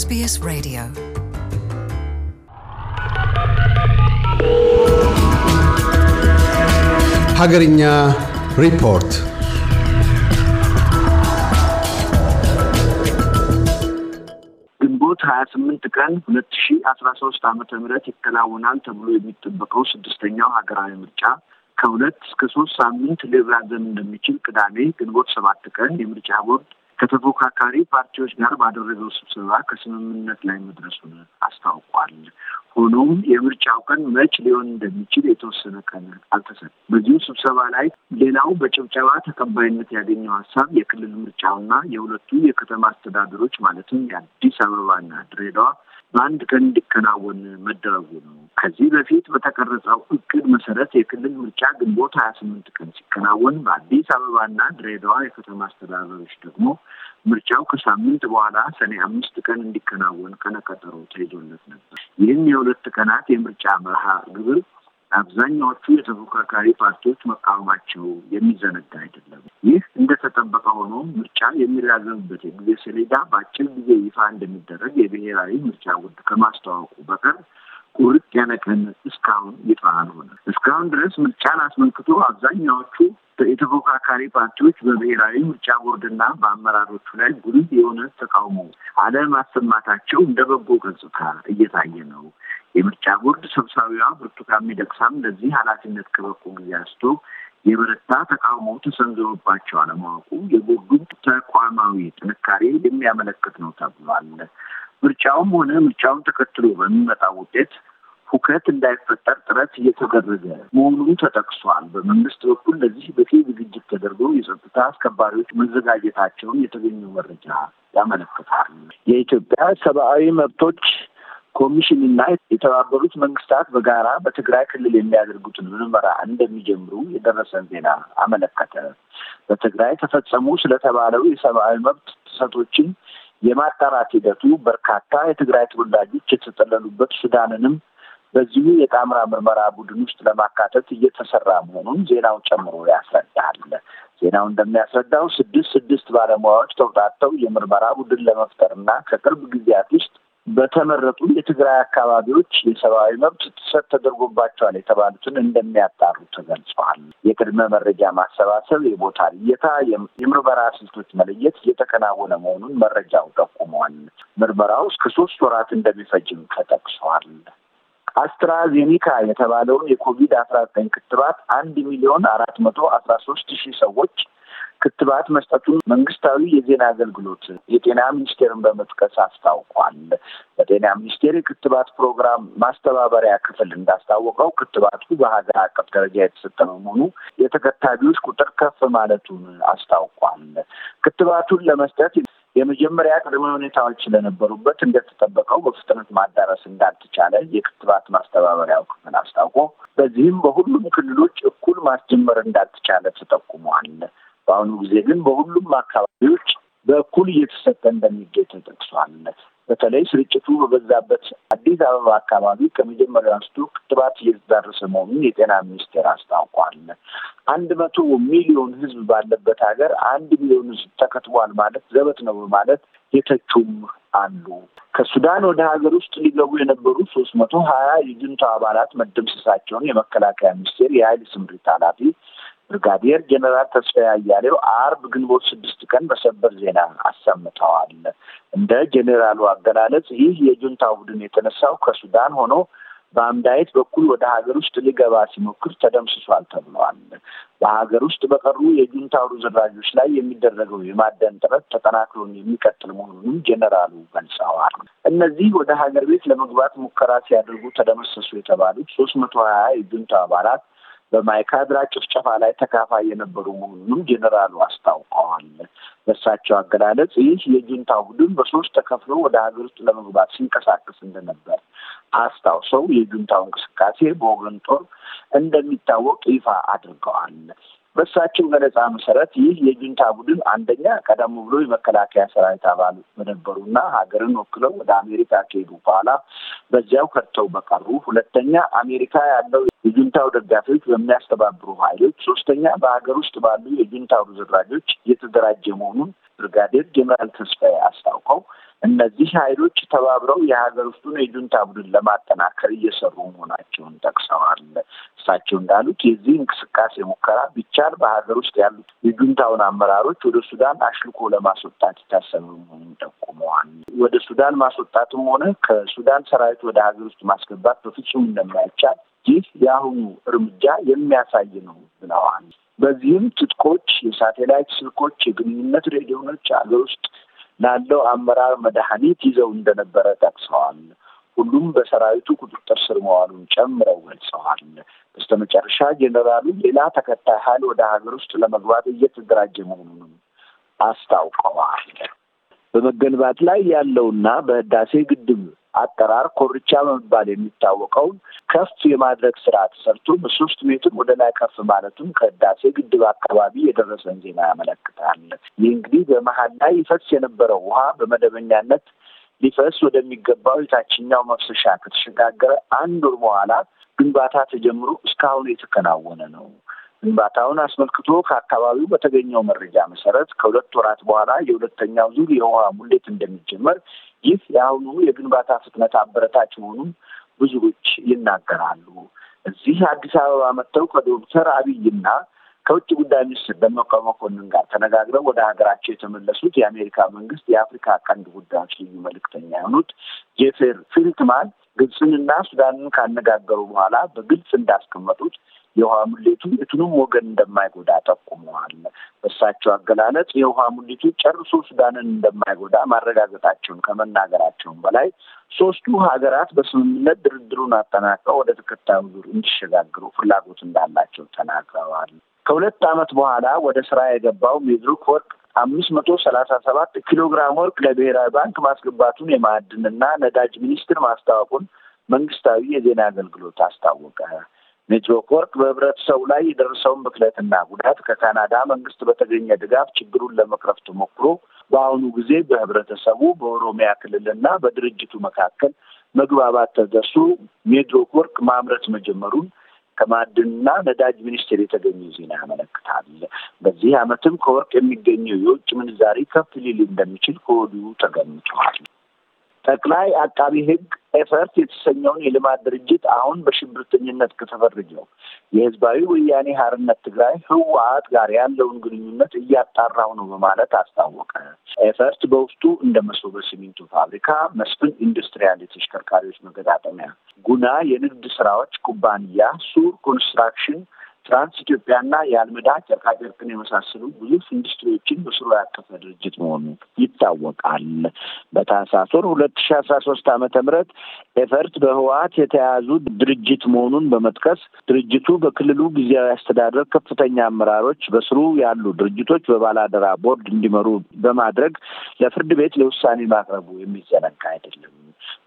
SBS Radio. ሀገርኛ ሪፖርት ግንቦት ሀያ ስምንት ቀን ሁለት ሺ አስራ ሶስት ምህረት ይከናወናል ተብሎ የሚጠበቀው ስድስተኛው ሀገራዊ ምርጫ ከሁለት እስከ ሶስት ሳምንት ሊራዘም እንደሚችል ቅዳሜ ግንቦት ሰባት ቀን የምርጫ ቦርድ ከተፎካካሪ ፓርቲዎች ጋር ባደረገው ስብሰባ ከስምምነት ላይ መድረሱን አስታውቋል። ሆኖም የምርጫው ቀን መች ሊሆን እንደሚችል የተወሰነ ቀን አልተሰ በዚሁ ስብሰባ ላይ ሌላው በጭብጨባ ተቀባይነት ያገኘው ሀሳብ የክልል ምርጫውና የሁለቱ የከተማ አስተዳደሮች ማለትም የአዲስ አበባና ድሬዳዋ በአንድ ቀን እንዲከናወን መደረጉ ነው። ከዚህ በፊት በተቀረጸው እቅድ መሰረት የክልል ምርጫ ግንቦት ሀያ ስምንት ቀን ሲከናወን በአዲስ አበባና ድሬዳዋ የከተማ አስተዳደሮች ደግሞ ምርጫው ከሳምንት በኋላ ሰኔ አምስት ቀን እንዲከናወን ቀነ ቀጠሮ ተይዞለት ነበር። ይህን የሁለት ቀናት የምርጫ መርሃ ግብር አብዛኛዎቹ የተፎካካሪ ፓርቲዎች መቃወማቸው የሚዘነጋ አይደለም። ይህ እንደተጠበቀ ሆኖ ምርጫ የሚራዘምበት የጊዜ ሰሌዳ በአጭር ጊዜ ይፋ እንደሚደረግ የብሔራዊ ምርጫ ቦርድ ከማስተዋወቁ በቀር ቁርጥ ያለ ቀን እስካሁን ይፋ አልሆነ። እስካሁን ድረስ ምርጫን አስመልክቶ አብዛኛዎቹ የተፎካካሪ ፓርቲዎች በብሔራዊ ምርጫ ቦርድና በአመራሮቹ ላይ ጉልህ የሆነ ተቃውሞ አለማሰማታቸው እንደ በጎ ገጽታ እየታየ ነው። የምርጫ ቦርድ ሰብሳቢዋ ብርቱካን ሚደቅሳም ለዚህ ኃላፊነት ከበቁ ጊዜ አንስቶ የበረታ ተቃውሞ ተሰንዝሮባቸው አለማወቁ የቦርዱን ተቋማዊ ጥንካሬ የሚያመለክት ነው ተብሏል። ምርጫውም ሆነ ምርጫውን ተከትሎ በሚመጣው ውጤት ሁከት እንዳይፈጠር ጥረት እየተደረገ መሆኑን ተጠቅሷል። በመንግስት በኩል ለዚህ በቂ ዝግጅት ተደርጎ የጸጥታ አስከባሪዎች መዘጋጀታቸውን የተገኘው መረጃ ያመለክታል። የኢትዮጵያ ሰብአዊ መብቶች ኮሚሽንና የተባበሩት መንግስታት በጋራ በትግራይ ክልል የሚያደርጉትን ምርመራ እንደሚጀምሩ የደረሰን ዜና አመለከተ። በትግራይ ተፈጸሙ ስለተባለው የሰብአዊ መብት ጥሰቶችን የማጣራት ሂደቱ በርካታ የትግራይ ተወላጆች የተጠለሉበት ሱዳንንም በዚሁ የጣምራ ምርመራ ቡድን ውስጥ ለማካተት እየተሰራ መሆኑን ዜናው ጨምሮ ያስረዳል። ዜናው እንደሚያስረዳው ስድስት ስድስት ባለሙያዎች ተውጣጥተው የምርመራ ቡድን ለመፍጠርና ከቅርብ ጊዜያት ውስጥ በተመረጡ የትግራይ አካባቢዎች የሰብአዊ መብት ጥሰት ተደርጎባቸዋል የተባሉትን እንደሚያጣሩ ተገልጸዋል። የቅድመ መረጃ ማሰባሰብ፣ የቦታ ልየታ፣ የምርመራ ስልቶች መለየት እየተከናወነ መሆኑን መረጃው ጠቁመዋል። ምርመራው እስከ ሶስት ወራት እንደሚፈጅም ተጠቅሰዋል። አስትራዜኒካ የተባለውን የኮቪድ አስራ ዘጠኝ ክትባት አንድ ሚሊዮን አራት መቶ አስራ ሶስት ሺህ ሰዎች ክትባት መስጠቱን መንግስታዊ የዜና አገልግሎት የጤና ሚኒስቴርን በመጥቀስ አስታውቋል። በጤና ሚኒስቴር የክትባት ፕሮግራም ማስተባበሪያ ክፍል እንዳስታወቀው ክትባቱ በሀገር አቀፍ ደረጃ የተሰጠ በመሆኑ የተከታቢዎች ቁጥር ከፍ ማለቱን አስታውቋል። ክትባቱን ለመስጠት የመጀመሪያ ቅድመ ሁኔታዎች ስለነበሩበት እንደተጠበቀው በፍጥነት ማዳረስ እንዳልተቻለ የክትባት ማስተባበሪያው ክፍል አስታውቆ በዚህም በሁሉም ክልሎች እኩል ማስጀመር እንዳልተቻለ ተጠቁሟል። በአሁኑ ጊዜ ግን በሁሉም አካባቢዎች በእኩል እየተሰጠ እንደሚገኝ ተጠቅሷል። በተለይ ስርጭቱ በበዛበት አዲስ አበባ አካባቢ ከመጀመሪያው አንስቶ ክትባት እየተዳረሰ መሆኑን የጤና ሚኒስቴር አስታውቋል። አንድ መቶ ሚሊዮን ህዝብ ባለበት ሀገር አንድ ሚሊዮን ህዝብ ተከትቧል ማለት ዘበት ነው በማለት የተቹም አሉ። ከሱዳን ወደ ሀገር ውስጥ ሊገቡ የነበሩ ሶስት መቶ ሀያ የጁንታ አባላት መደምሰሳቸውን የመከላከያ ሚኒስቴር የኃይል ስምሪት ኃላፊ ብርጋዴር ጀነራል ተስፋዬ አያሌው አርብ ግንቦት ስድስት ቀን በሰበር ዜና አሰምተዋል። እንደ ጀኔራሉ አገላለጽ ይህ የጁንታ ቡድን የተነሳው ከሱዳን ሆኖ በአምዳየት በኩል ወደ ሀገር ውስጥ ሊገባ ሲሞክር ተደምስሷል ተብለዋል። በሀገር ውስጥ በቀሩ የጁንታ ርዝራዦች ላይ የሚደረገው የማደን ጥረት ተጠናክሮን የሚቀጥል መሆኑንም ጀኔራሉ ገልጸዋል። እነዚህ ወደ ሀገር ቤት ለመግባት ሙከራ ሲያደርጉ ተደመሰሱ የተባሉት ሶስት መቶ ሀያ የጁንታ አባላት በማይካድራ ጭፍጨፋ ላይ ተካፋይ የነበሩ መሆኑንም ጄኔራሉ አስታውቀዋል። በእሳቸው አገላለጽ ይህ የጁንታ ቡድን በሶስት ተከፍሎ ወደ ሀገር ውስጥ ለመግባት ሲንቀሳቀስ እንደነበር አስታውሰው የጁንታው እንቅስቃሴ በወገን ጦር እንደሚታወቅ ይፋ አድርገዋል። በእሳቸው ገለጻ መሰረት ይህ የጁንታ ቡድን አንደኛ ቀደም ብሎ የመከላከያ ሰራዊት አባል እና ሀገርን ወክለው ወደ አሜሪካ ከሄዱ በኋላ በዚያው ከድተው በቀሩ፣ ሁለተኛ አሜሪካ ያለው የጁንታው ደጋፊዎች በሚያስተባብሩ ኃይሎች፣ ሶስተኛ በሀገር ውስጥ ባሉ የጁንታው ርዝራጆች የተደራጀ መሆኑን ብርጋዴር ጀኔራል ተስፋዬ አስታውቀው እነዚህ ኃይሎች ተባብረው የሀገር ውስጡን የጁንታ ቡድን ለማጠናከር እየሰሩ መሆናቸውን ጠቅሰዋል። እሳቸው እንዳሉት የዚህ እንቅስቃሴ ሙከራ ቢቻል በሀገር ውስጥ ያሉት የጁንታውን አመራሮች ወደ ሱዳን አሽልኮ ለማስወጣት የታሰበ መሆኑን ጠቁመዋል። ወደ ሱዳን ማስወጣትም ሆነ ከሱዳን ሰራዊት ወደ ሀገር ውስጥ ማስገባት በፍጹም እንደማይቻል ይህ የአሁኑ እርምጃ የሚያሳይ ነው ብለዋል። በዚህም ትጥቆች፣ የሳቴላይት ስልኮች፣ የግንኙነት ሬዲዮኖች ሀገር ውስጥ ላለው አመራር መድኃኒት ይዘው እንደነበረ ጠቅሰዋል። ሁሉም በሰራዊቱ ቁጥጥር ስር መዋሉን ጨምረው ገልጸዋል። በስተመጨረሻ ጄኔራሉ ሌላ ተከታይ ኃይል ወደ ሀገር ውስጥ ለመግባት እየተደራጀ መሆኑንም አስታውቀዋል። በመገንባት ላይ ያለውና በህዳሴ ግድብ አጠራር ኮርቻ በመባል የሚታወቀውን ከፍ የማድረግ ስራ ተሰርቶ በሶስት ሜትር ወደ ላይ ከፍ ማለቱም ከህዳሴ ግድብ አካባቢ የደረሰን ዜና ያመለክታል። ይህ እንግዲህ በመሀል ላይ ይፈስ የነበረው ውሃ በመደበኛነት ሊፈስ ወደሚገባው የታችኛው መፍሰሻ ከተሸጋገረ አንድ ወር በኋላ ግንባታ ተጀምሮ እስካሁን የተከናወነ ነው። ግንባታውን አስመልክቶ ከአካባቢው በተገኘው መረጃ መሰረት ከሁለት ወራት በኋላ የሁለተኛው ዙር የውሃ ሙሌት እንደሚጀመር፣ ይህ የአሁኑ የግንባታ ፍጥነት አበረታች መሆኑን ብዙዎች ይናገራሉ። እዚህ አዲስ አበባ መጥተው ከዶክተር አብይና ከውጭ ጉዳይ ሚኒስትር ደመቀ መኮንን ጋር ተነጋግረው ወደ ሀገራቸው የተመለሱት የአሜሪካ መንግስት የአፍሪካ ቀንድ ጉዳዮች ልዩ መልእክተኛ የሆኑት ጄፌር ፊልትማን ግብፅንና ሱዳንን ካነጋገሩ በኋላ በግልጽ እንዳስቀመጡት የውሃ ሙሌቱ የቱንም ወገን እንደማይጎዳ ጠቁመዋል። በእሳቸው አገላለጽ የውሃ ሙሌቱ ጨርሶ ሱዳንን እንደማይጎዳ ማረጋገጣቸውን ከመናገራቸውን በላይ ሶስቱ ሀገራት በስምምነት ድርድሩን አጠናቀው ወደ ተከታዩ ዙር እንዲሸጋግሩ ፍላጎት እንዳላቸው ተናግረዋል። ከሁለት ዓመት በኋላ ወደ ስራ የገባው ሚድሩክ ወርቅ አምስት መቶ ሰላሳ ሰባት ኪሎ ግራም ወርቅ ለብሔራዊ ባንክ ማስገባቱን የማዕድንና ነዳጅ ሚኒስትር ማስታወቁን መንግስታዊ የዜና አገልግሎት አስታወቀ። ሚድሮክ ወርቅ በህብረተሰቡ ላይ የደረሰውን ብክለትና ጉዳት ከካናዳ መንግስት በተገኘ ድጋፍ ችግሩን ለመቅረፍ ተሞክሮ በአሁኑ ጊዜ በህብረተሰቡ በኦሮሚያ ክልልና በድርጅቱ መካከል መግባባት ተደርሶ ሚድሮክ ወርቅ ማምረት መጀመሩን ከማዕድንና ነዳጅ ሚኒስቴር የተገኘ ዜና ያመለክታል። በዚህ ዓመትም ከወርቅ የሚገኘው የውጭ ምንዛሪ ከፍ ሊል እንደሚችል ከወዲሁ ተገምቷል። ጠቅላይ አቃቢ ህግ ኤፈርት የተሰኘውን የልማት ድርጅት አሁን በሽብርተኝነት ከተፈረጀው የህዝባዊ ወያኔ ሀርነት ትግራይ ህወሓት ጋር ያለውን ግንኙነት እያጣራው ነው በማለት አስታወቀ። ኤፈርት በውስጡ እንደ መሶበ ሲሚንቶ ፋብሪካ፣ መስፍን ኢንዱስትሪያል የተሽከርካሪዎች መገጣጠሚያ፣ ጉና የንግድ ስራዎች ኩባንያ፣ ሱር ኮንስትራክሽን ትራንስ ኢትዮጵያና የአልመዳ ጨርቃጨርቅን የመሳሰሉ ግዙፍ ኢንዱስትሪዎችን በስሩ ያቀፈ ድርጅት መሆኑ ይታወቃል። በታህሳስ ወር ሁለት ሺ አስራ ሶስት ዓመተ ምህረት ኤፈርት በህወሀት የተያዙ ድርጅት መሆኑን በመጥቀስ ድርጅቱ በክልሉ ጊዜያዊ አስተዳደር ከፍተኛ አመራሮች በስሩ ያሉ ድርጅቶች በባላደራ ቦርድ እንዲመሩ በማድረግ ለፍርድ ቤት ለውሳኔ ማቅረቡ የሚዘነጋ አይደለም።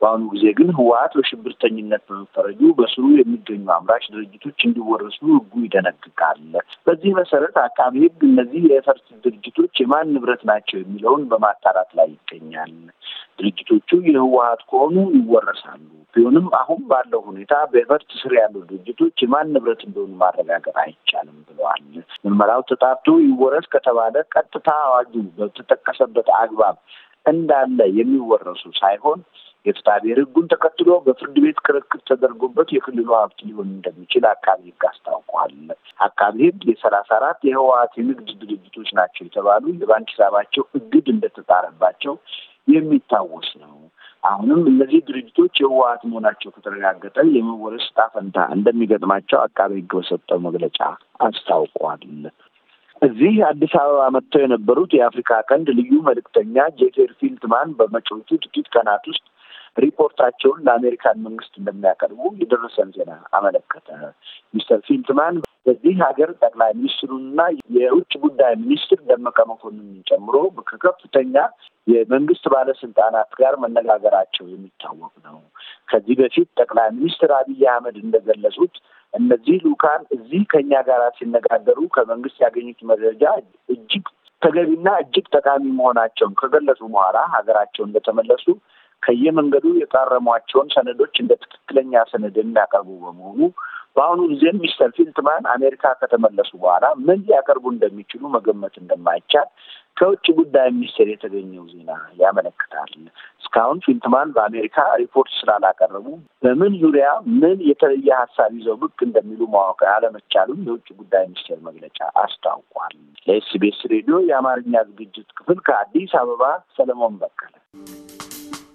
በአሁኑ ጊዜ ግን ህወሀት በሽብርተኝነት በመፈረጁ በስሩ የሚገኙ አምራች ድርጅቶች እንዲወረሱ ህጉ ይደነግጋል። በዚህ መሰረት አቃቢ ህግ እነዚህ የፈርስ ድርጅቶች የማን ንብረት ናቸው የሚለውን በማጣራት ላይ ይገኛል። ድርጅቶቹ የህወሀት ከሆኑ ይወረሳሉ። ቢሆንም አሁን ባለው ሁኔታ በኤፈርት ስር ያሉ ድርጅቶች የማን ንብረት እንደሆኑ ማረጋገጥ አይቻልም ብለዋል። ምርመራው ተጣርቶ ይወረስ ከተባለ ቀጥታ አዋጁ በተጠቀሰበት አግባብ እንዳለ የሚወረሱ ሳይሆን የፍትሐብሔር ህጉን ተከትሎ በፍርድ ቤት ክርክር ተደርጎበት የክልሉ ሀብት ሊሆን እንደሚችል አቃቢ ህግ አስታውቋል። አቃቢ ህግ የሰላሳ አራት የህወሀት የንግድ ድርጅቶች ናቸው የተባሉ የባንክ ሂሳባቸው እግድ እንደተጣረባቸው የሚታወስ ነው። አሁንም እነዚህ ድርጅቶች የህወሀት መሆናቸው ከተረጋገጠ የመወረስ ጣፈንታ እንደሚገጥማቸው አቃቢ ህግ በሰጠው መግለጫ አስታውቋል። እዚህ አዲስ አበባ መጥተው የነበሩት የአፍሪካ ቀንድ ልዩ መልእክተኛ ጄቴር ፊልትማን በመጪዎቹ ጥቂት ቀናት ውስጥ ሪፖርታቸውን ለአሜሪካን መንግስት እንደሚያቀርቡ የደረሰን ዜና አመለከተ። ሚስተር ፊልትማን በዚህ ሀገር ጠቅላይ ሚኒስትሩና የውጭ ጉዳይ ሚኒስትር ደመቀ መኮንን ጨምሮ ከከፍተኛ የመንግስት ባለስልጣናት ጋር መነጋገራቸው የሚታወቅ ነው። ከዚህ በፊት ጠቅላይ ሚኒስትር አብይ አህመድ እንደገለጹት እነዚህ ልኡካን እዚህ ከእኛ ጋር ሲነጋገሩ ከመንግስት ያገኙት መረጃ እጅግ ተገቢና እጅግ ጠቃሚ መሆናቸውን ከገለጹ በኋላ ሀገራቸው እንደተመለሱ ከየመንገዱ የታረሟቸውን ሰነዶች እንደ ትክክለኛ ሰነድ የሚያቀርቡ በመሆኑ በአሁኑ ጊዜ ሚስተር ፊልትማን አሜሪካ ከተመለሱ በኋላ ምን ሊያቀርቡ እንደሚችሉ መገመት እንደማይቻል ከውጭ ጉዳይ ሚኒስቴር የተገኘው ዜና ያመለክታል። እስካሁን ፊልትማን በአሜሪካ ሪፖርት ስላላቀረቡ በምን ዙሪያ ምን የተለየ ሀሳብ ይዘው ብቅ እንደሚሉ ማወቅ አለመቻሉም የውጭ ጉዳይ ሚኒስቴር መግለጫ አስታውቋል። ለኤስቢኤስ ሬዲዮ የአማርኛ ዝግጅት ክፍል ከአዲስ አበባ ሰለሞን በቀለ